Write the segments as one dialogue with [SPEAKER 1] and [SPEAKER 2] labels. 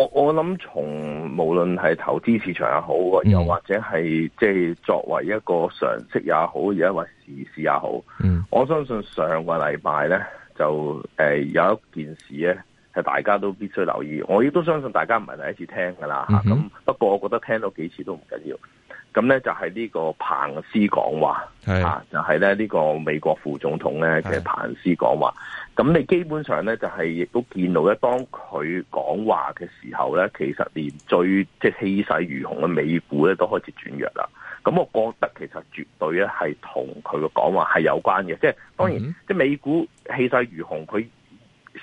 [SPEAKER 1] 我我諗從無論係投資市場也好，又或者係即係作為一個常識也好，亦或者時事也好，嗯、我相信上個禮拜呢，就誒、呃、有一件事呢，係大家都必須留意，我亦都相信大家唔係第一次聽噶啦，咁、嗯、哼不過我覺得聽到幾次都唔緊要。咁呢，就係呢個彭斯講話，的啊，就係、是、呢個美國副總統其嘅彭斯講話。的咁你基本上咧，就係、是、亦都見到咧，當佢講話嘅時候咧，其實連最即係氣勢如虹嘅美股咧，都開始轉弱啦。咁我覺得其實絕對咧係同佢嘅講話係有關嘅。即係當然，即係美股氣勢如虹，佢。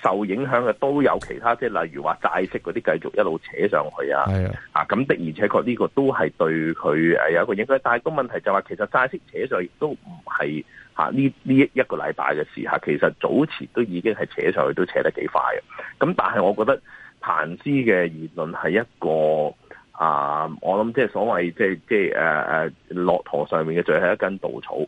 [SPEAKER 1] 受影響嘅都有其他，即係例如話債息嗰啲繼續一路扯上去的啊，啊咁的，而且確呢個都係對佢誒有一個影響。但係個問題就話，其實債息扯上去都唔係嚇呢呢一個禮拜嘅時候，啊，其實早前都已經係扯上去，都扯得幾快嘅。咁，啊、但係我覺得彭師嘅言論係一個啊，我諗即係所謂即係即係誒誒，駱駝上面嘅最後係一根稻草，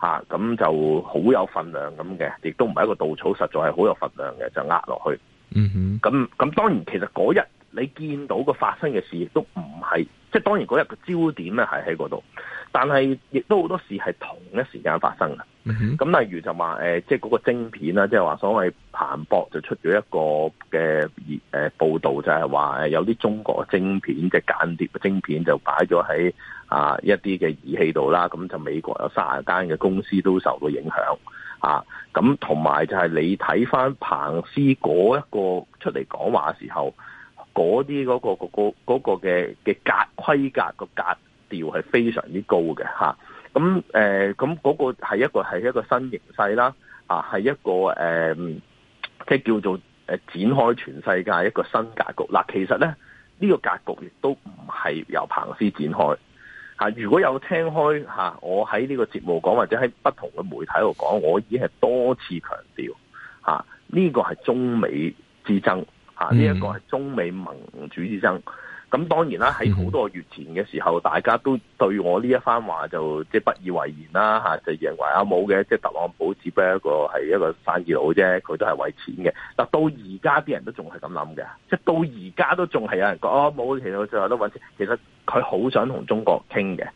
[SPEAKER 1] 吓咁、啊、就好有份量咁嘅，亦都唔係一個稻草，實在係好有份量嘅，就壓落去。嗯哼、mm，咁、hmm. 咁當然，其實嗰日你見到個發生嘅事亦都唔係，即係當然嗰日個焦點咧係喺嗰度，但係亦都好多事係同一時間發生嘅。咁、嗯、例如就話、呃、即係嗰個晶片啦，即係話所謂彭博就出咗一個嘅、呃、報道就，就係話有啲中國晶片嘅間諜嘅晶片就擺咗喺啊一啲嘅儀器度啦，咁就美國有卅間嘅公司都受到影響，咁同埋就係你睇翻彭斯嗰一個出嚟講話時候，嗰啲嗰個嗰、嗰個嗰、嗰個嘅嘅、嗰個、格規格個格調係非常之高嘅。咁誒，咁嗰、嗰個係一個係一個新形勢啦，啊，係一個誒，即、呃、叫做展開全世界一個新格局。嗱，其實咧呢、呢個格局亦都唔係由彭斯展開嚇。如果有聽開嚇，我喺呢個節目講，或者喺不同嘅媒體度講，我已經係多次強調嚇，呢、呢個係中美之爭嚇，呢、呢、一個係中美盟主之爭。咁當然啦，喺好多月前嘅時候，大家都對我呢一番話就即係不以為然啦，吓，就認為，阿冇嘅，即係特朗普只不過係一個生意佬啫，佢都係為錢嘅。但到而家啲人都仲係咁諗嘅，即係到而家都仲係有人講，啊冇，其、哦、佢，都最後都揾錢。其實佢好想同中國傾嘅。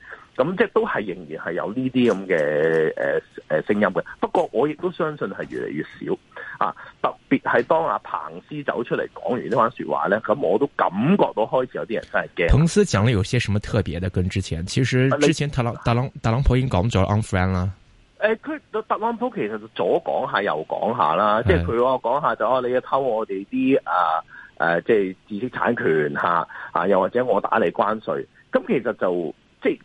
[SPEAKER 1] 咁即係都係仍然係有呢啲咁嘅誒誒聲音嘅。不過我亦都相信係越嚟越少啊！特別係當阿彭斯走出嚟講完呢番説話咧，咁我都感覺到開始有啲人真係驚。彭
[SPEAKER 2] 斯講咗有些什麼特別嘅？跟之前，其實之前特朗普、特朗特朗普已經講咗 unfriend 啦。
[SPEAKER 1] 誒，佢、啊、特朗普其實左講下右講下啦，即係佢我講下就的啊，你要偷我哋啲啊誒、啊，即係知識產權嚇啊，啊，又或者我打你關稅，咁、啊、其實就。即係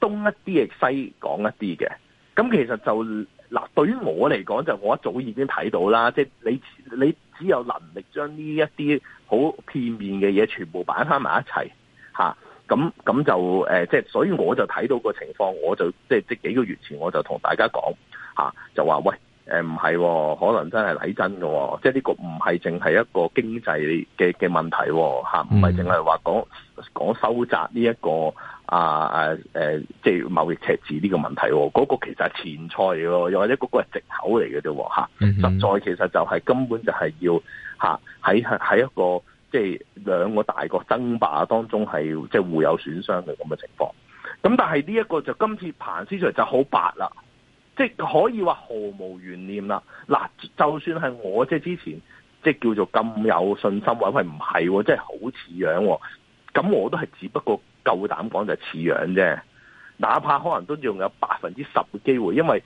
[SPEAKER 1] 東一啲亦西講一啲嘅，咁其實就嗱，對於我嚟講就我一早已經睇到啦，即係，你你只有能力將呢一啲好片面嘅嘢全部擺翻埋一齊吓，咁，咁就誒，即係所以我就睇到個情況，我就即係即幾個月前我就同大家講吓，就話喂，誒唔係，可能真係睇真嘅喎。即係呢個唔係淨係一個經濟嘅嘅問題吓，唔係淨係話講講收窄呢一個。啊啊誒、啊，即係貿易赤字呢個問題、哦，嗰、那個其實係前菜嚟喎，又或者嗰個係藉口嚟嘅啫，嚇、啊嗯、哼實在其實就係根本就係要嚇喺喺一個即係兩個大國爭霸當中係即係互有損傷嘅咁嘅情況。咁但係呢一個就今次彭 Sir 出嚟就好白啦，即係可以話毫無懸念啦。嗱、啊，就算係我即係之前即係叫做咁有信心，喂喂唔係、哦，即係好似樣、哦，咁我都係只不過夠膽講就似樣啫，哪怕可能都仲有百分之十嘅機會，因為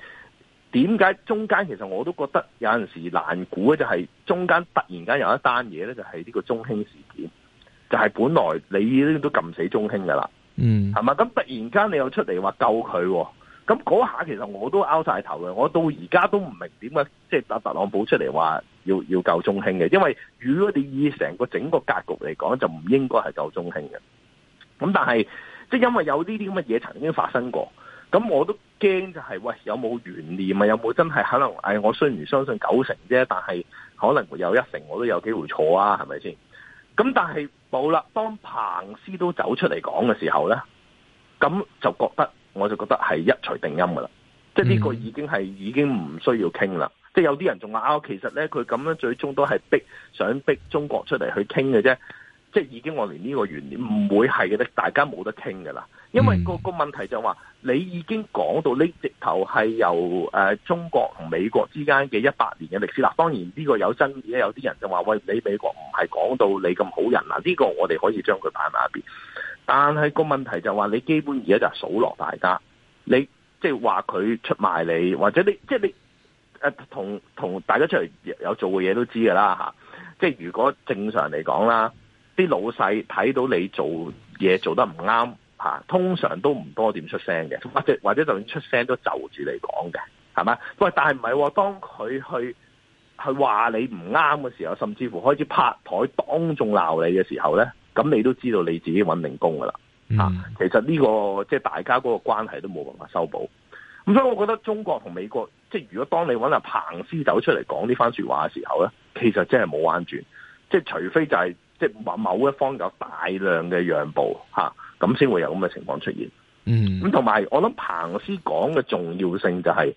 [SPEAKER 1] 點解中間其實我都覺得有陣時難估嘅就係中間突然間有一單嘢咧，就係呢個中興事件，就係、是，本來你都撳死中興噶啦，嗯，係嘛？咁突然間你又出嚟話救佢，啊，咁嗰下其實我都拗晒頭嘅，我到而家都唔明點解即係特特朗普出嚟話要要救中興嘅，因為如果你以成個整個格局嚟講，就唔應該係救中興嘅。咁但係即係因為有呢啲咁嘅嘢曾經發生過，咁我都驚就係、是、喂有冇懸念啊？有冇真係可能？誒、哎，我雖然相信九成啫，但係可能會有一成我都有機會錯啊？係咪先？咁但係冇啦，當彭斯都走出嚟講嘅時候咧，咁就覺得我就覺得係一錘定音噶啦，即係呢個已經係已經唔需要傾啦。即係有啲人仲話啊，其實咧佢咁樣最終都係逼想逼中國出嚟去傾嘅啫。即係已經我連呢個原因唔會係嘅，大家冇得傾嘅啦。因為個個問題就係話你已經講到呢，直頭係由誒中國同美國之間嘅一百年嘅歷史啦。當然呢個有爭議，有啲人就話喂，你美國唔係講到你咁好人嗱。呢、這個我哋可以將佢擺埋一邊。但係個問題就話你基本而家就係數落大家，你即係話佢出賣你，或者你即係你誒、呃、同同大家出嚟有做嘅嘢都知嘅啦嚇。即係如果正常嚟講啦。啲老細睇到你做嘢做得唔啱、啊、通常都唔多點出聲嘅，或者或者就算出聲都就住嚟講嘅，係咪？喂，但係唔係當佢去去話你唔啱嘅時候，甚至乎開始拍台當眾鬧你嘅時候咧，咁你都知道你自己搵零工噶啦、嗯啊。其實呢、這個即係、就是、大家嗰個關係都冇辦法修補。咁所以，我覺得中國同美國即係如果當你搵阿、啊、彭斯走出嚟講呢番説話嘅時候咧，其實真係冇彎轉，即除非就係、是。即係話某一方有大量嘅讓步吓，咁、啊、先會有咁嘅情況出現。嗯，
[SPEAKER 3] 咁同
[SPEAKER 1] 埋我諗彭斯講嘅重要性就係、是、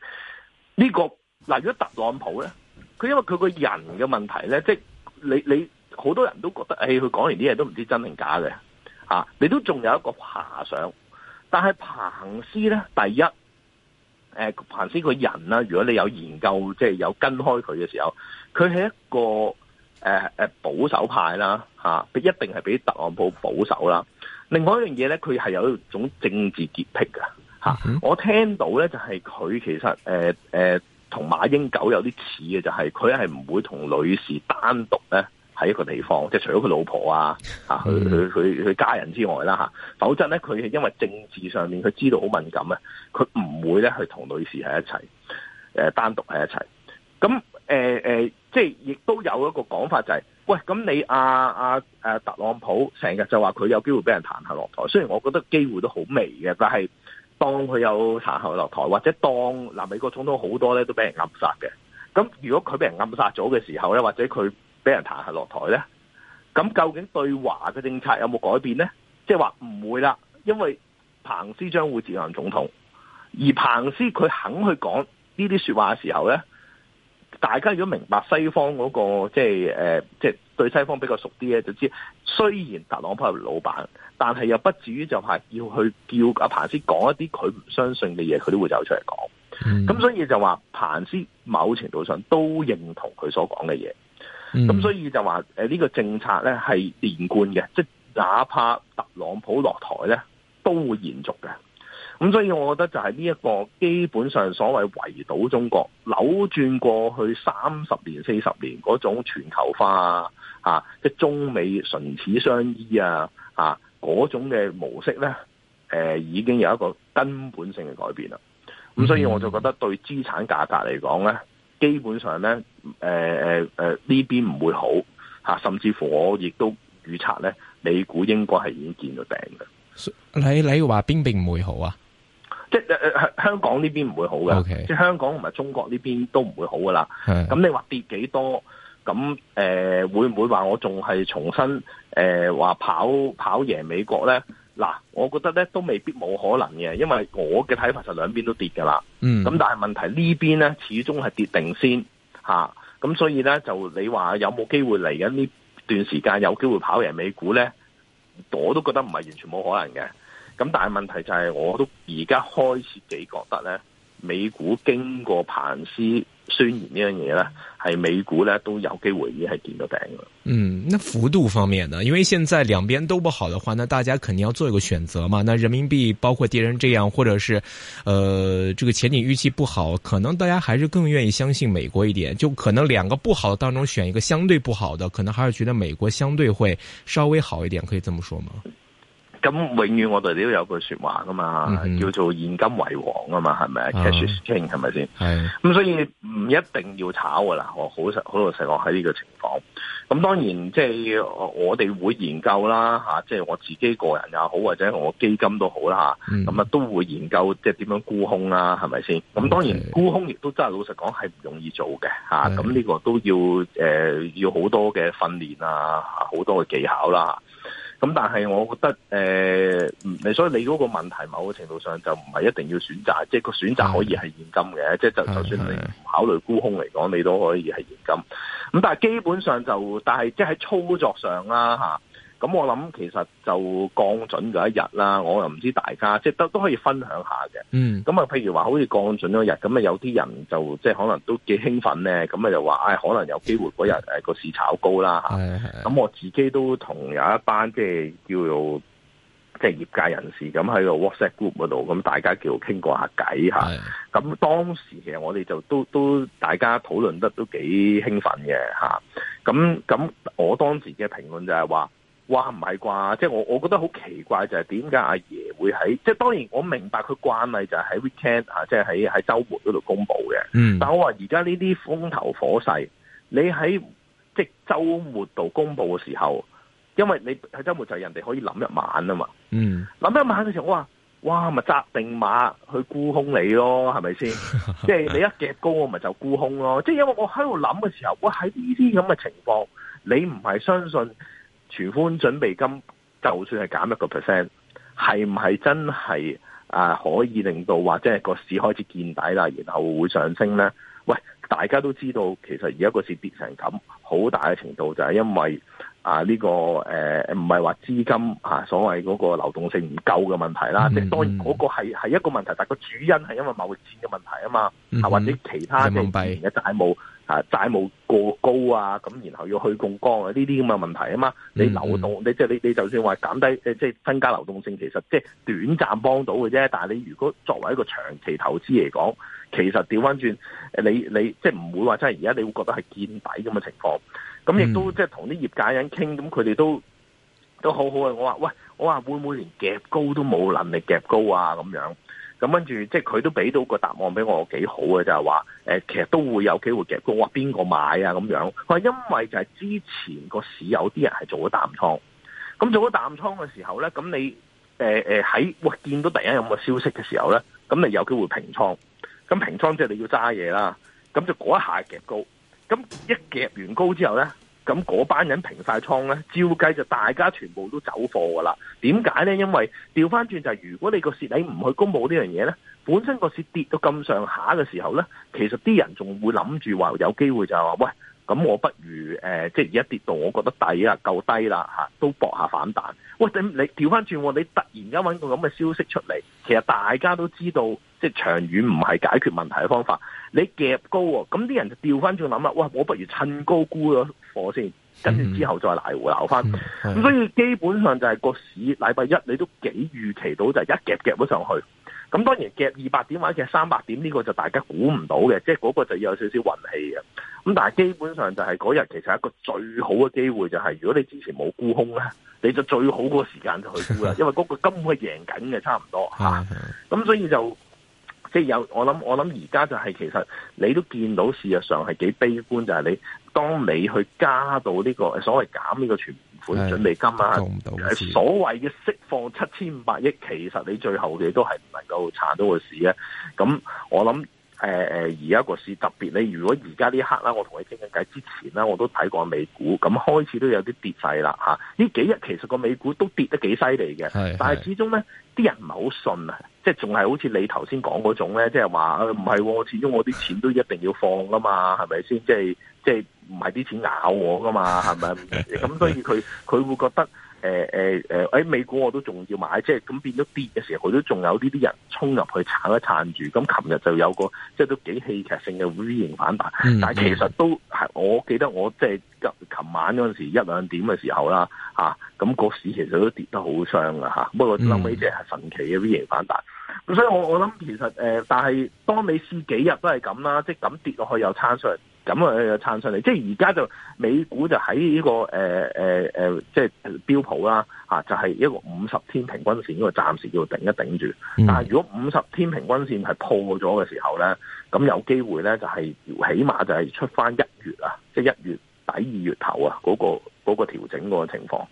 [SPEAKER 1] 呢、這個嗱、啊，如果特朗普咧，佢因為佢個人嘅問題咧，即、就、係、是、你你好多人都覺得誒，佢、欸、講完啲嘢，都唔知真定假嘅、啊、你都仲有一個遐想。但係彭斯咧，第一誒、呃，彭斯個人啦、啊，如果你有研究即係有跟開佢嘅時候，佢係一個。誒誒保守派啦吓，一定係俾特朗普保守啦。另外一樣嘢咧，佢係有一種政治潔癖㗎。吓、mm。Hmm. 我聽到咧就係佢其實誒誒同馬英九有啲似嘅，就係佢係唔會同女士單獨咧喺一個地方，即係除咗佢老婆啊佢佢佢家人之外啦吓。否則咧佢係因為政治上面佢知道好敏感啊，佢唔會咧去同女士喺一齊，誒單獨喺一齊。咁誒誒，即係亦都有一個講法，就是，就係喂，咁你阿阿誒特朗普成日就話佢有機會俾人彈劾落台，雖然我覺得機會都好微嘅，但係當佢有彈劾落台，或者當南美國總統好多咧都俾人暗殺嘅，咁如果佢俾人暗殺咗嘅時候咧，或者佢俾人彈劾落台咧，咁究竟對華嘅政策有冇改變咧？即係話唔會啦，因為彭斯將會接任總統，而彭斯佢肯去講呢啲說話嘅時候咧。大家如果明白西方嗰個即係誒即係對西方比較熟啲咧，就知雖然特朗普係老闆，但係又不至於就係要去叫阿彭斯講一啲佢唔相信嘅嘢，佢都會走出嚟講。咁、嗯、所以就話彭斯某程度上都認同佢所講嘅嘢。
[SPEAKER 3] 咁、嗯、所
[SPEAKER 1] 以就話誒呢個政策咧係連貫嘅，即係哪怕特朗普落台咧都會延續嘅。咁所以，我覺得就係呢一個基本上所謂圍堵中國、扭轉過去三十年、四十年嗰種全球化啊，即中美唇齒相依啊，啊嗰種嘅模式咧，誒、呃、已經有一個根本性嘅改變啦。
[SPEAKER 2] 咁所以，我就
[SPEAKER 1] 覺得對資產價格嚟講咧，基本上咧，誒誒誒呢邊唔會好吓、啊，甚至乎我亦都預測咧，美股應該係已經見到頂嘅。
[SPEAKER 2] 你你話邊邊唔會好啊？
[SPEAKER 1] 即係誒、呃、香港呢邊唔會好嘅，Okay. 即係香港同埋中國呢邊都唔會好噶啦。咁 Yeah. 你話跌幾多？咁誒、呃、會唔會話我仲係重新誒話、呃、跑跑贏美國咧？嗱，我覺得咧都未必冇可能嘅，因為我嘅睇法就兩邊都跌㗎啦。咁、mm. 但係問題是這邊呢邊咧，始終係跌定先嚇。咁、啊、所以咧就你話有冇機會嚟緊呢段時間有機會跑贏美股咧？我都覺得唔係完全冇可能嘅。咁但係問題就係、是，我都而家開始幾覺得呢，美股經過彭斯宣言呢樣嘢呢，係美股呢都有機會已經係見
[SPEAKER 2] 到頂啦。嗯，那幅度方面呢？因為現在兩邊都不好的話，那大家肯定要做一個選擇嘛。那人民幣包括跌成這樣，或者是，呃，這個前景預期不好，可能大家還是更願意相信美國一點。就可能兩個不好當中選一個相對不好的，可能還是覺得美國相對會稍微好一點。可以這麼說嗎？
[SPEAKER 1] 咁永遠我哋都有句說話噶嘛，嗯、叫做現金為王啊嘛，係咪？Cash is king 係咪先？
[SPEAKER 3] 咁，
[SPEAKER 1] 所以唔一定要炒噶啦。在我好實好老實講喺呢個情況。咁當然即係、就是、我哋會研究啦，即、啊、係、就是、我自己個人又好，或者我基金都好啦，咁啊、嗯、都會研究即係點樣沽空啦係咪先？咁當然是沽空亦都真係老實講係唔容易做嘅。咁呢個都要、呃、要好多嘅訓練啊，好多嘅技巧啦。咁但係，我覺得誒，你、呃、所以你嗰個問題，某個程度上就唔係一定要選擇，即係個選擇可以係現金嘅，即係是的 就就算你考慮沽空嚟講，你都可以係現金。咁但係基本上就，但係即係喺操作上啦，嚇。咁我諗其實就降準嗰一日啦，我又唔知大家即係都都可以分享下嘅。嗯。咁啊，譬如話好似降準嗰日，咁啊有啲人就即係可能都幾興奮咧，咁啊就話唉、哎、可能有機會嗰日誒個市炒高啦吓。係係。咁我自己都同有一班即係叫做即係業界人士咁喺個 WhatsApp group 嗰度，咁大家叫傾過下偈吓。咁、啊、是當時其實我哋就都都大家討論得都幾興奮嘅吓。咁、啊、咁我當時嘅評論就係話。話唔係啩，即係我我覺得好奇怪就係點解阿爺會喺即係當然我明白佢慣例就係喺 weekend 啊，即係喺喺周末嗰度公布嘅。嗯、但我話而家呢啲風頭火勢，你喺即係周末度公布嘅時候，因為你喺周末就係人哋可以諗一晚啊嘛。諗、嗯、一晚嘅時候我，哇哇咪紮定馬去沽空你咯，係咪先？ 即係你一夾高，我咪就沽空咯。即係因為我喺度諗嘅時候，哇喺呢啲咁嘅情況，你唔係相信。存款準備金就算係減一個 percent，係唔係真係啊可以令到或者係個市開始見底啦，然後會上升咧？喂，大家都知道其實而家個市跌成咁，好大嘅程度就係因為啊呢個誒唔係話資金啊所謂嗰個流動性唔夠嘅問題啦，即係當然嗰個係係一個問題，但係個主因係因為貿易戰嘅問題啊嘛，嗯、哼或者其他嘅債務。啊，債務過高啊，咁然後要去槓桿啊，呢啲咁嘅問題啊嘛，你流動，你即係你你就算話減低，即係增加流動性，其實即係短暫幫到嘅啫。但係你如果作為一個長期投資嚟講，其實調翻轉，你你即係唔會話真係而家你會覺得係見底咁嘅情況。咁亦都即係同啲業界人傾，咁佢哋都都好好啊。我話喂，我話會唔會連夾高都冇能力夾高啊？咁樣。咁跟住，即係佢都俾到個答案俾我，幾好嘅就係話，誒，其實都會有機會夾高。話邊個買啊？咁樣佢因為就係之前個市有啲人係做咗淡倉，咁做咗淡倉嘅時候咧，咁你誒誒喺，哇、呃呃！見到突然有咁嘅消息嘅時候咧，咁你有機會平倉。咁平倉即係你要揸嘢啦，咁就嗰一下夾高。咁一夾完高之後咧。咁嗰班人平晒倉咧，照計就大家全部都走貨噶啦。點解咧？因為調翻轉就係、是，如果你個蝕你唔去公布呢樣嘢咧，本身個市跌到咁上下嘅時候咧，其實啲人仲會諗住話有機會就係話，喂。咁我不如誒、呃，即係而家跌到，我覺得底啦，夠低啦、啊，都搏下反彈。喂，咁你調翻轉，你突然間揾個咁嘅消息出嚟，其實大家都知道，即係長遠唔係解決問題嘅方法。你夾高喎，咁啲人就調翻轉諗啦哇！我不如趁高沽咗貨先，跟住之後再嚟回流翻。咁所以基本上就係個市禮拜一，你都幾預期到就係一夾夾咗上去。咁當然，夾二百點或者三百點呢個就大家估唔到嘅，即係嗰個就要有少少運氣嘅。咁但係基本上就係嗰日其實一個最好嘅機會就係，如果你之前冇沽空咧，你就最好個時間就去沽啦，因為嗰個根本係贏緊嘅，差唔多
[SPEAKER 3] 吓。
[SPEAKER 1] 咁所以就即係、就是、有我諗，我諗而家就係其實你都見到事實上係幾悲觀，就係、是、你當你去加到呢、這個所謂減呢個存。款準備金啊，今所謂嘅釋放七千五百億，其實你最後你都係唔能夠撐到個市嘅，咁我諗。誒誒、呃、而家個市特別咧，如果而家呢一刻啦，我同你傾緊偈之前啦，我都睇過美股，咁開始都有啲跌勢啦嚇。呢幾日其實個美股都跌得幾犀利嘅，是 但係始終咧啲人唔係好信啊，即係仲係好似你頭先講嗰種咧，即係話唔係，始終我啲錢都一定要放噶嘛，係咪先？即係即係唔係啲錢咬我噶嘛，係咪？咁 所以佢佢會覺得。誒、呃呃哎、美股我都仲要買，即係咁變咗跌嘅時候，佢都仲有呢啲人衝入去撐一撐住。咁琴日就有個即係都幾戲劇性嘅 V 型反彈，嗯、但係其實都係我記得我即係琴晚嗰陣時一兩點嘅時候啦，咁、啊嗰個市其實都跌得好傷嘅嚇、啊。不過諗起即係神奇嘅 V 型反彈。咁、嗯、所以我我諗其實、呃、但係當你試幾日都係咁啦，即係咁跌落去又撐上。咁啊，撐上嚟，即係而家就美股就喺呢個誒誒誒，即係標普啦，嚇就係一個五十天平均線，呢個暫時叫頂一頂住。但係如果五十天平均線係破咗嘅時候咧，咁有機會咧就係起碼就係出返一月啊，即係一月底二月頭啊，嗰個嗰個調整個情況。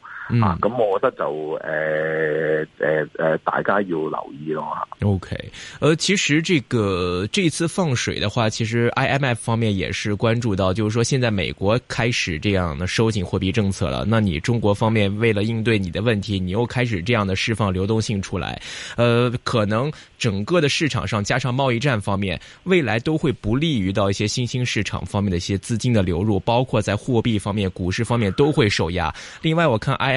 [SPEAKER 1] 啊，咁我覺得就誒誒誒，大家要留意咯。
[SPEAKER 2] OK，呃，其實這個這次放水的話，其實 IMF 方面也是關注到，就是說現在美國開始這樣的收緊貨幣政策了，那你中國方面為了應對你的問題，你又開始這樣的釋放流動性出來，呃，可能整個的市場上加上貿易戰方面，未來都會不利於到一些新興市場方面的一些資金的流入，包括在貨幣方面、股市方面都會受壓。另外，我看 I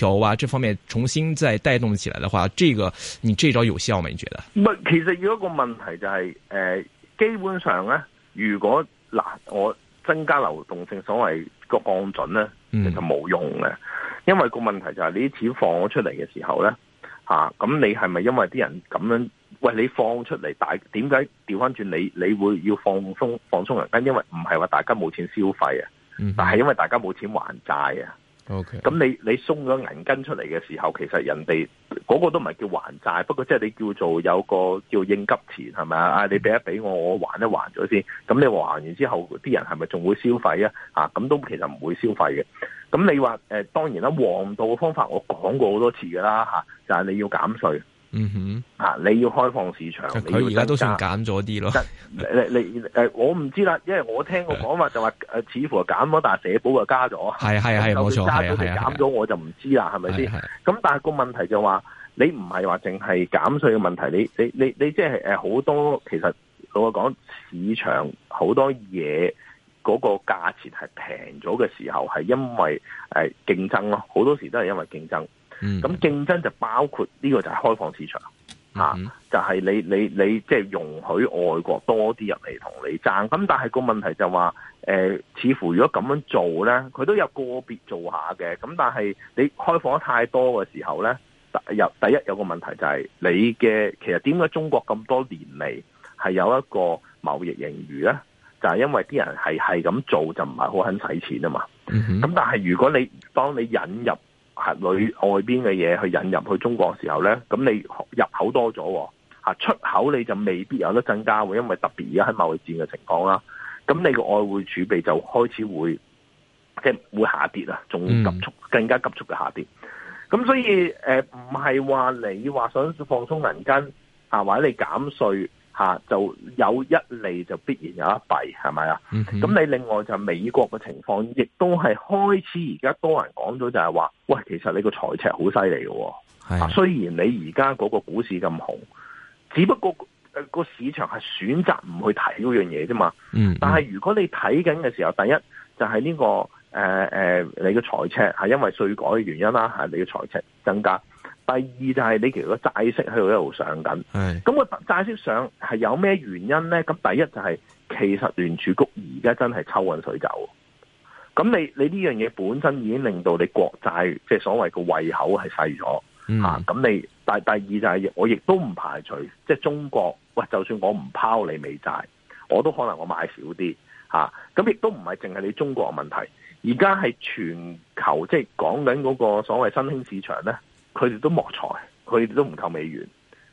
[SPEAKER 2] 條啊，這方面重新再帶動起來的話，這個你這招有效嗎？你覺得？
[SPEAKER 1] 唔係，其實有一個問題就係、是呃，基本上呢，如果嗱，我增加流動性，所謂個降準呢，其實冇用嘅，嗯、因為個問題就係、是，你啲錢放咗出嚟嘅時候呢。吓、啊，咁你係咪因為啲人咁樣？喂，你放出嚟，但點解掉返轉你你會要放鬆放鬆人間？因因為唔係話大家冇錢消費啊，嗯、
[SPEAKER 3] 哼但係因
[SPEAKER 1] 為大家冇錢還債啊。咁 Okay. 你你鬆咗銀根出嚟嘅時候，其實人哋嗰、那個都唔係叫還債，不過即係你叫做有個叫應急錢係咪啊？Mm hmm. 你俾一俾我，我還一還咗先。咁你還完之後，啲人係咪仲會消費啊？啊，咁都其實唔會消費嘅。咁你話誒、呃，當然啦、啊，黃道嘅方法我講過好多次㗎啦嚇，就係、是、你要減稅。嗯哼，啊，你要開放市場，佢而家都算減咗啲咯。你你誒，我唔知啦，因為我聽過講話就話誒，似乎係減咗，但係社保就加咗。係係係冇錯係減咗？我就唔知啦，係咪先？咁但係個問題就話，你唔係話淨係減稅嘅問題，你你你你即係誒好多，其實我講市場好多嘢，嗰個價錢係平咗嘅時候，係因為誒競爭咯，好多時都係因為競爭。咁，嗯，競爭就包括呢，這個就係開放市場，嗯啊，就係，是，你你你即係，就是，容許外國多啲人嚟同你爭。咁但係個問題就話，呃，似乎如果咁樣做咧，佢都有個別做下嘅。咁但係你開放得太多嘅時候咧，第一有一個問題就係你嘅其實點解中國咁多年嚟係有一個貿易盈餘咧？就係，是，因為啲人係係咁做就唔係好肯使錢啊嘛。咁但係如果你當你引入，係外外邊嘅嘢，去引入去中國嘅時候咧，咁你入口多咗，吓，出口你就未必有得增加，因為特別而家喺貿易戰嘅情況啦，咁你個外匯儲備就開始會即係會下跌啊，仲急速更加急速嘅下跌，咁所以誒唔係話你話想放鬆銀根啊，或者你減稅。吓就有一利就必然有一弊，係咪啊？咁、mm hmm. 你另外就美國嘅情況，亦都係開始而家多人講咗就係話，喂，其實你個財赤好犀利嘅，mm hmm. 雖然你而家嗰個股市咁紅，只不過個市場係選擇唔去睇嗰樣嘢啫嘛。嗯、mm，hmm. 但係如果你睇緊嘅時候，第一就係呢、這個誒誒、呃呃，你嘅財赤係因為稅改嘅原因啦，係你嘅財赤增加。第二就係你其實個債息喺度一路上緊，咁個債息上係有咩原因呢？咁第一就係其實聯儲局而家真係抽緊水走，咁你你呢樣嘢本身已經令到你國債，即係所謂個胃口係細咗，吓咁、嗯啊、你。但第二就係我亦都唔排除，即係中國，喂，就算我唔拋你美債，我都可能我買少啲，吓咁亦都唔係淨係你中國嘅問題，而家係全球即係講緊嗰個所謂新興市場呢。佢哋都莫財，佢哋都唔夠美元。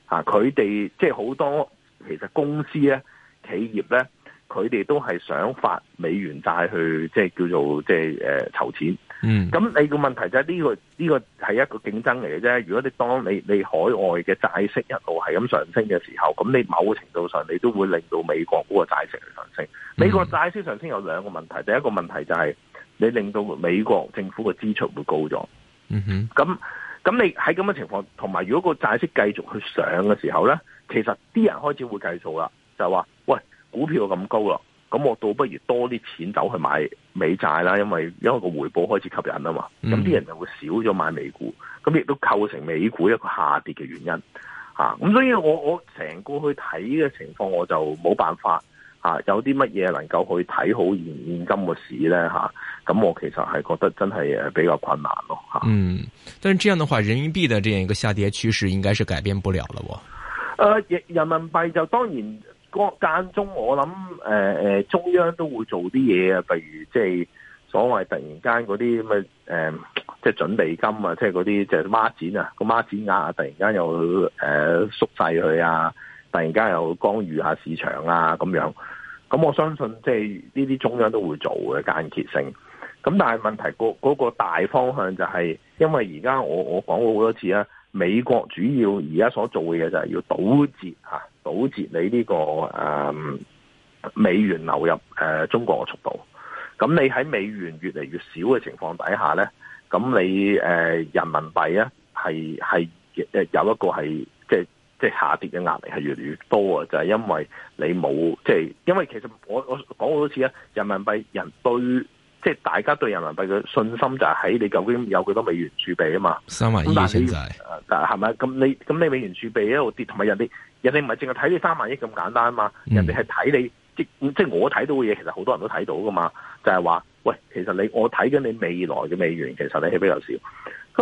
[SPEAKER 1] 啊，佢哋即係好多其實公司咧、企業咧，佢哋都係想發美元債去，即係叫做即係誒，籌、呃、錢。嗯，咁你個問題就係、是、呢、這個呢、這個係一個競爭嚟嘅啫。如果你當你你海外嘅債息一路係咁上升嘅時候，咁你某個程度上你都會令到美國嗰個債息上升。嗯、美國債息上升有兩個問題，第一個問題就係、是、你令到美國政府嘅支出會高咗。嗯哼，咁。咁你喺咁嘅情況，同埋如果個債息繼續去上嘅時候咧，其實啲人開始會計數啦，就話：喂，股票咁高喇，咁我倒不如多啲錢走去買美債啦，因為因為個回報開始吸引啊嘛。咁啲人就會少咗買美股，咁亦都構成美股一個下跌嘅原因嚇。咁所以我我成個去睇嘅情況，我就冇辦法。啊，有啲乜嘢能夠去睇好現金嘅市咧？吓、啊，咁我其實係覺得真係誒比較困難咯。
[SPEAKER 2] 吓，嗯，但係這樣的話，人民幣的這樣一個下跌趨勢，應該是改變不了了。
[SPEAKER 1] 喎，誒，人民幣就當然間中我，我諗誒誒，中央都會做啲嘢啊，譬如即係所謂突然間嗰啲咁嘅誒，即係準備金啊，即係嗰啲即係孖展啊，個孖展額突然間又誒縮細佢啊。呃突然間又干預下市場啊，咁樣，咁我相信即係呢啲中央都會做嘅間歇性。咁但係問題、那個嗰、那個大方向就係、是，因為而家我我講過好多次啊，美國主要而家所做嘅嘢就係要堵截吓堵、啊、截你呢、這個誒、啊、美元流入誒、啊、中國嘅速度。咁你喺美元越嚟越少嘅情況底下咧，咁你誒、啊、人民幣啊，係係誒有一個係。即係下跌嘅壓力係越嚟越多啊！就係、是、因為你冇即係，因為其實我我講好多次啊，人民幣人對即係大家對人民幣嘅信心就係喺你究竟有幾多美元儲備啊嘛？三萬十億先就係，係咪才是、呃？咁你咁你美元儲備一路跌，同埋人哋人哋唔係淨係睇你三萬億咁簡單啊嘛？嗯、人哋係睇你即即我睇到嘅嘢，其實好多人都睇到㗎嘛。就係、是、話，喂，其實你我睇緊你未來嘅美元，其實你係比較少。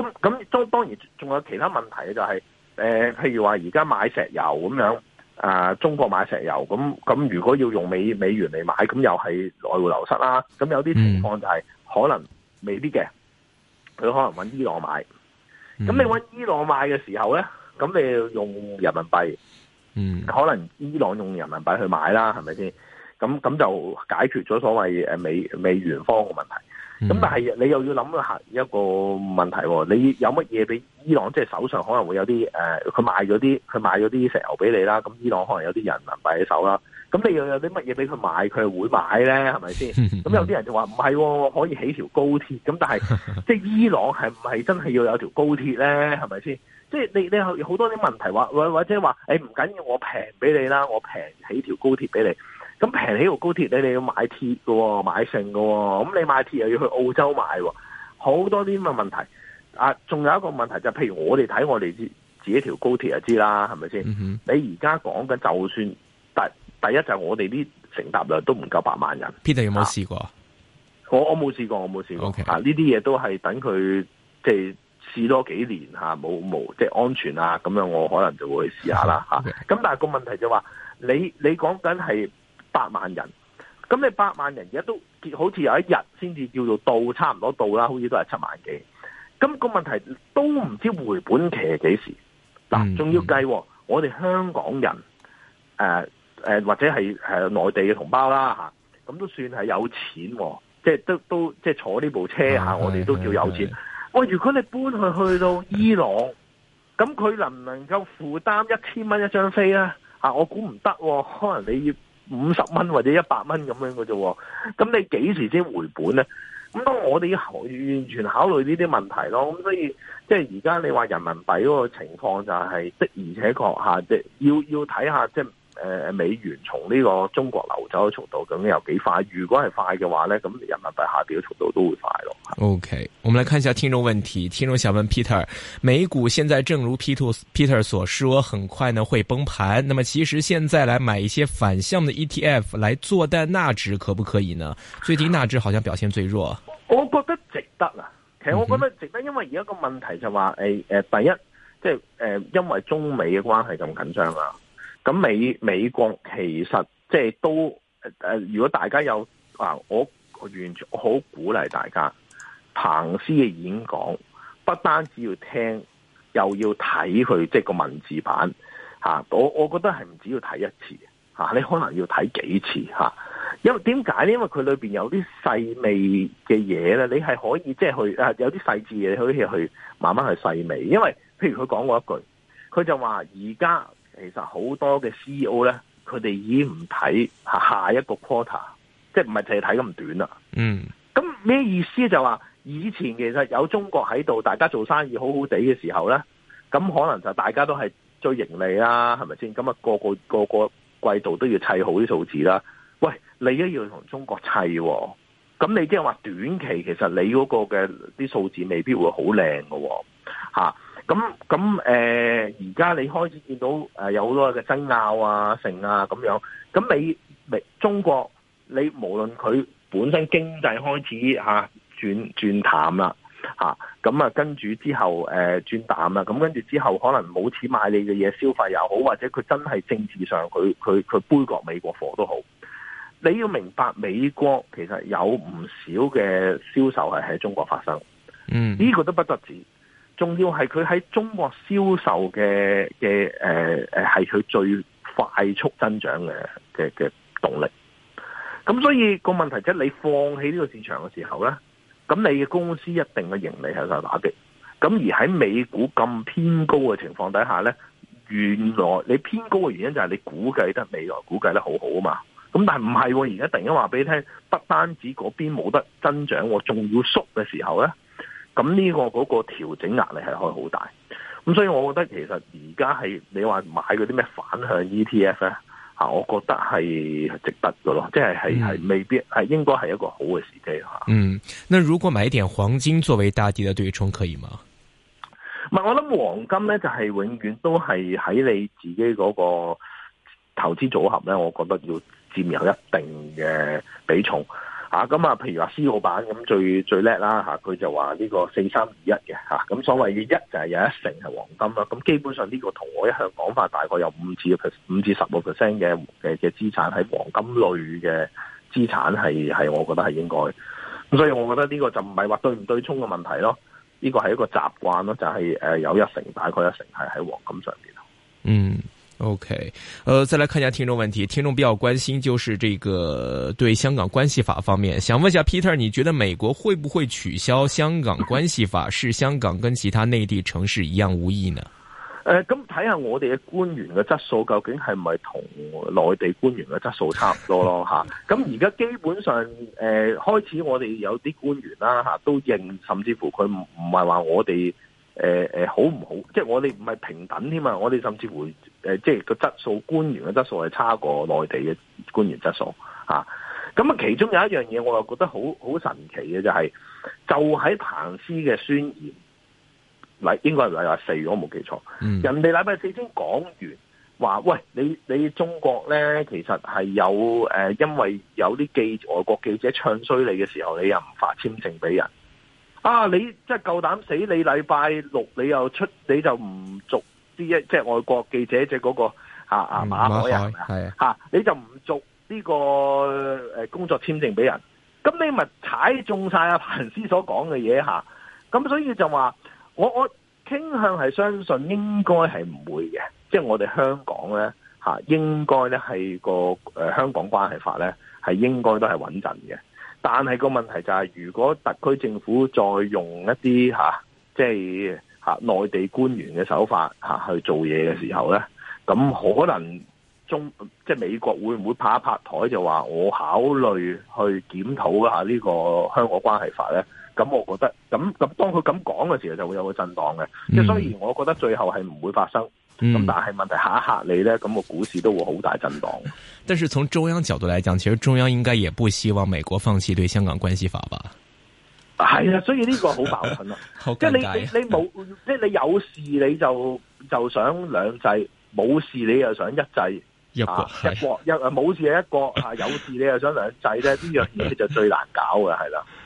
[SPEAKER 1] 咁咁都當然仲有其他問題嘅、就是，就係。誒、呃，譬如話而家買石油咁樣、啊，中國買石油咁咁，如果要用美美元嚟買，咁又係外匯流失啦。咁有啲情況就係可能未必嘅，佢、嗯、可能搵伊朗買。咁你搵伊朗買嘅時候咧，咁你用人民幣，嗯，可能伊朗用人民幣去買啦，係咪先？咁咁就解決咗所謂誒美美元方嘅問題。咁、嗯、但係你又要諗下一個問題，你有乜嘢俾伊朗？即係手上可能會有啲，誒、呃，佢買咗啲，佢買咗啲石油俾你啦。咁伊朗可能有啲人民幣喺手啦。咁你又有啲乜嘢俾佢買？佢會買咧，係咪先？咁、 嗯、有啲人就話唔係，可以起條高鐵。咁但係即係伊朗係唔係真係要有條高鐵咧？係咪先？即係你你好多啲問題話，或或者話，誒、欸，唔緊要，我平俾你啦，我平起條高鐵俾你。咁平起個高鐵，你哋要買鐵嘅、哦，買成嘅、哦，咁你買鐵又要去澳洲買、哦，好多啲咁嘅問題啊。仲有一個問題就是，譬如我哋睇我哋自己條高鐵就知啦，係咪先？嗯、哼你而家講緊就算第第一就係我哋啲乘搭量都唔夠百萬人。
[SPEAKER 2] Peter 有冇試過、
[SPEAKER 1] 啊、過？我我冇試過，我冇試過。啊，呢啲嘢都係等佢即係試多幾年吓，冇冇即係安全啊？咁樣我可能就會去試下啦吓。咁、啊 Okay. 啊、但係個問題就話、是，你你講緊係。百萬人，咁你百萬人而家都好似有一日先至叫做到，差唔多到啦，好似都係七萬幾。咁、那個問題都唔知回本期係幾時。嗱、啊，仲要計我哋香港人，誒、呃呃、或者係誒、呃、內地嘅同胞啦嚇，咁、啊啊、都算係有錢、啊，即係都都即係坐呢部車嚇，是是是是我哋都叫有錢。喂、啊，如果你搬佢去，去到伊朗，咁佢能唔能夠負擔一千蚊一張飛咧、啊？我估唔得，可能你要。五十蚊或者一百蚊咁樣嘅啫，咁你幾時先回本咧？咁我哋要完全考慮呢啲問題咯，咁所以即係而家你話人民幣嗰個情況就係、是、的而且確吓，即係要要睇下即係。誒、呃，美元從呢個中國流走嘅速度，究竟有幾快？如果係快嘅話咧，咁人民幣下跌嘅速度都會快咯。
[SPEAKER 2] OK，我們嚟看一下聽眾問題。聽眾想問 Peter，美股現在正如 Peter Peter 所說，很快呢會崩盤。那麼其實現在來買一些反向嘅 ETF 來做淡納指可不可以呢？最近納指好像表現最弱。
[SPEAKER 1] 我覺得值得啦。其實我覺得值得，因為而家個問題就話，誒、呃、誒，第一，即係誒，因為中美嘅關係咁緊張啦。咁美美國其實即係都誒、呃，如果大家有啊我，我完全好鼓勵大家彭斯嘅演講，不單止要聽，又要睇佢即係個文字版吓、啊。我我覺得係唔只止要睇一次吓、啊，你可能要睇幾次吓、啊，因為點解咧？因為佢裏邊有啲細微嘅嘢咧，你係可以即係去誒，有啲細節嘢你可以去慢慢去細味。因為譬如佢講過一句，佢就話而家。其實好多嘅 CEO 呢，佢哋已經唔睇下一個 quarter，即係唔係淨係睇咁短啦、啊。嗯，咁咩意思就話以前其實有中國喺度，大家做生意好好地嘅時候呢，咁可能就大家都係追盈利啦，係咪先？咁啊，個個個，個個個季度都要砌好啲數字啦。喂，你都要同中國砌、啊，咁你即係話短期，其實你嗰個嘅啲數字未必會好靚嘅，吓。咁咁誒，而家、呃、你開始見到誒、呃，有好多嘅爭拗啊、成啊咁樣。咁你，你中國，你無論佢本身經濟開始吓轉、啊、淡啦，吓、啊、咁啊，跟住之後誒轉淡啦。咁跟住之後，呃、之後可能冇錢買你嘅嘢消費又好，或者佢真係政治上佢佢佢杯葛美國貨都好。你要明白，美國其實有唔少嘅銷售係喺中國發生。嗯，呢個都不得止。仲要係佢喺中國銷售嘅嘅誒誒，係佢、呃、最快速增長嘅嘅嘅動力。咁所以個問題即係你放棄呢個市場嘅時候咧，咁你嘅公司一定嘅盈利係受打擊。咁而喺美股咁偏高嘅情況底下咧，原來你偏高嘅原因就係你估計得未來估計得好好啊嘛。咁但係唔係，而家突然間話俾你聽，不單止嗰邊冇得增長，我仲要縮嘅時候咧。咁呢個嗰個調整壓力係可以好大，咁所以我覺得其實而家係你話買嗰啲咩反向 ETF 咧，吓，我覺得係值得㗎咯，即係係係未必係應該係一個好嘅時機吓。
[SPEAKER 2] 嗯，那如果買點黃金作為大底嘅對沖可以嗎？
[SPEAKER 1] 唔係，我諗黃金咧就係永遠都係喺你自己嗰個投資組合咧，我覺得要佔有一定嘅比重。啊，咁啊，譬如話 C 老闆咁最最叻啦吓，佢就話呢個四三二一嘅吓，咁、啊、所謂嘅一就係有一成係黃金啦，咁基本上呢個同我一向講法大概有五至五至十六 percent 嘅嘅嘅資產喺黃金類嘅資產，係係我覺得係應該。咁所以我覺得呢個就唔係話對唔對沖嘅問題咯，呢、呢個係一個習慣咯，就係、是、誒有一成大概一成係喺黃金上邊。嗯。
[SPEAKER 2] OK，呃，再來看一下聽眾問題，聽眾比較關心就是這個對香港關係法方面，想問下 Peter，你覺得美國會不會取消香港關係法，是香港跟其他內地城市一樣無異呢？誒、
[SPEAKER 1] 呃，咁睇下我哋嘅官員嘅質素究竟係咪同內地官員嘅質素差唔多咯？吓，咁而家基本上誒、呃，開始我哋有啲官員啦、啊、吓都認，甚至乎佢唔唔係話我哋。誒誒、呃呃，好唔好？即係我哋唔係平等添嘛，我哋甚至乎誒、呃，即係個質素官員嘅質素係差過內地嘅官員質素吓。咁啊，其中有一樣嘢，我又覺得好好神奇嘅就係，就喺、是、彭斯嘅宣言禮，應該係禮拜四，我冇記錯，嗯、人哋禮拜四先講完，話喂，你你中國咧，其實係有誒、呃，因為有啲記外國記者唱衰你嘅時候，你又唔發簽證俾人。啊！你即係夠膽死你禮拜六你又出你就唔續啲一即係外國記者即係嗰個吓吓馬海人，啊係吓你就唔續呢個誒工作簽證俾人，咁你咪踩中晒阿、啊、彭斯所講嘅嘢吓，咁、啊、所以就話我我傾向係相信應該係唔會嘅，即、就、係、是、我哋香港咧吓、啊、應該咧係個誒、呃、香港關係法咧係應該都係穩陣嘅。但係個問題就係、是，如果特區政府再用一啲嚇、啊，即係嚇內地官員嘅手法嚇、啊、去做嘢嘅時候咧，咁可能中即係美國會唔會拍一拍枱就話我考慮去檢討一下呢、這個香港關係法咧？咁我覺得咁咁，當佢咁講嘅時候就會有個震盪嘅，即係、嗯、所以，我覺得最後係唔會發生。咁但係問題下一吓你咧，咁個股市都會好大震盪。
[SPEAKER 2] 但是從中央角度來講，其實中央應該也不希望美國放棄對香港關係法吧？
[SPEAKER 1] 係啊 尬，所以呢個好矛盾啊。即係你你冇，即係你有事你就就想兩制，冇事你又想一制一國、啊、的一國一，冇事係一國啊， 有事你又想兩制咧，呢樣嘢就最難搞噶係啦。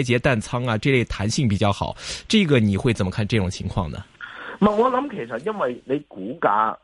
[SPEAKER 2] 一隻淡倉啊，這類彈性比較好，這個你會怎麼看這種情況呢？
[SPEAKER 1] 唔，我諗其實因為你股價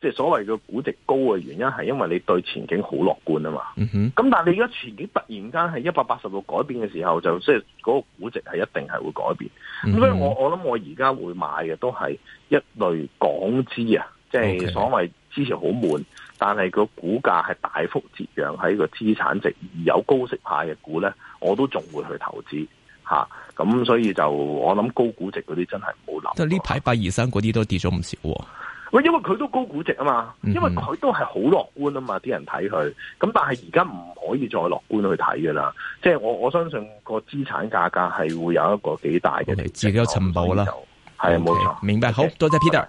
[SPEAKER 1] 即係、就是、所謂嘅估值高嘅原因係因為你對前景好樂觀啊嘛。嗯、哼。咁但係你而家前景突然間係一百八十度改變嘅時候，就即係個估值係一定係會改變。咁、嗯、哼所以我我諗我而家會買嘅都係一類港資啊，即、就、係、是、所謂之前好悶。Okay. 但係個股價係大幅折讓喺個資產值，而有高息派嘅股咧，我都仲會去投資吓。咁、啊、所以就我諗高估值嗰啲真係唔好
[SPEAKER 2] 諗。即係呢排八二三嗰啲都跌咗唔少喎。
[SPEAKER 1] 喂，因為佢都高估值啊嘛，因為佢都係好樂觀啊嘛，啲、嗯、哼人睇佢。咁但係而家唔可以再樂觀去睇噶啦。即係我我相信個資產價格係會有一個幾大嘅，okay, 自己有沉步
[SPEAKER 2] 啦。係啊，冇錯，明白好，多謝 you Peter。
[SPEAKER 1] Okay, okay.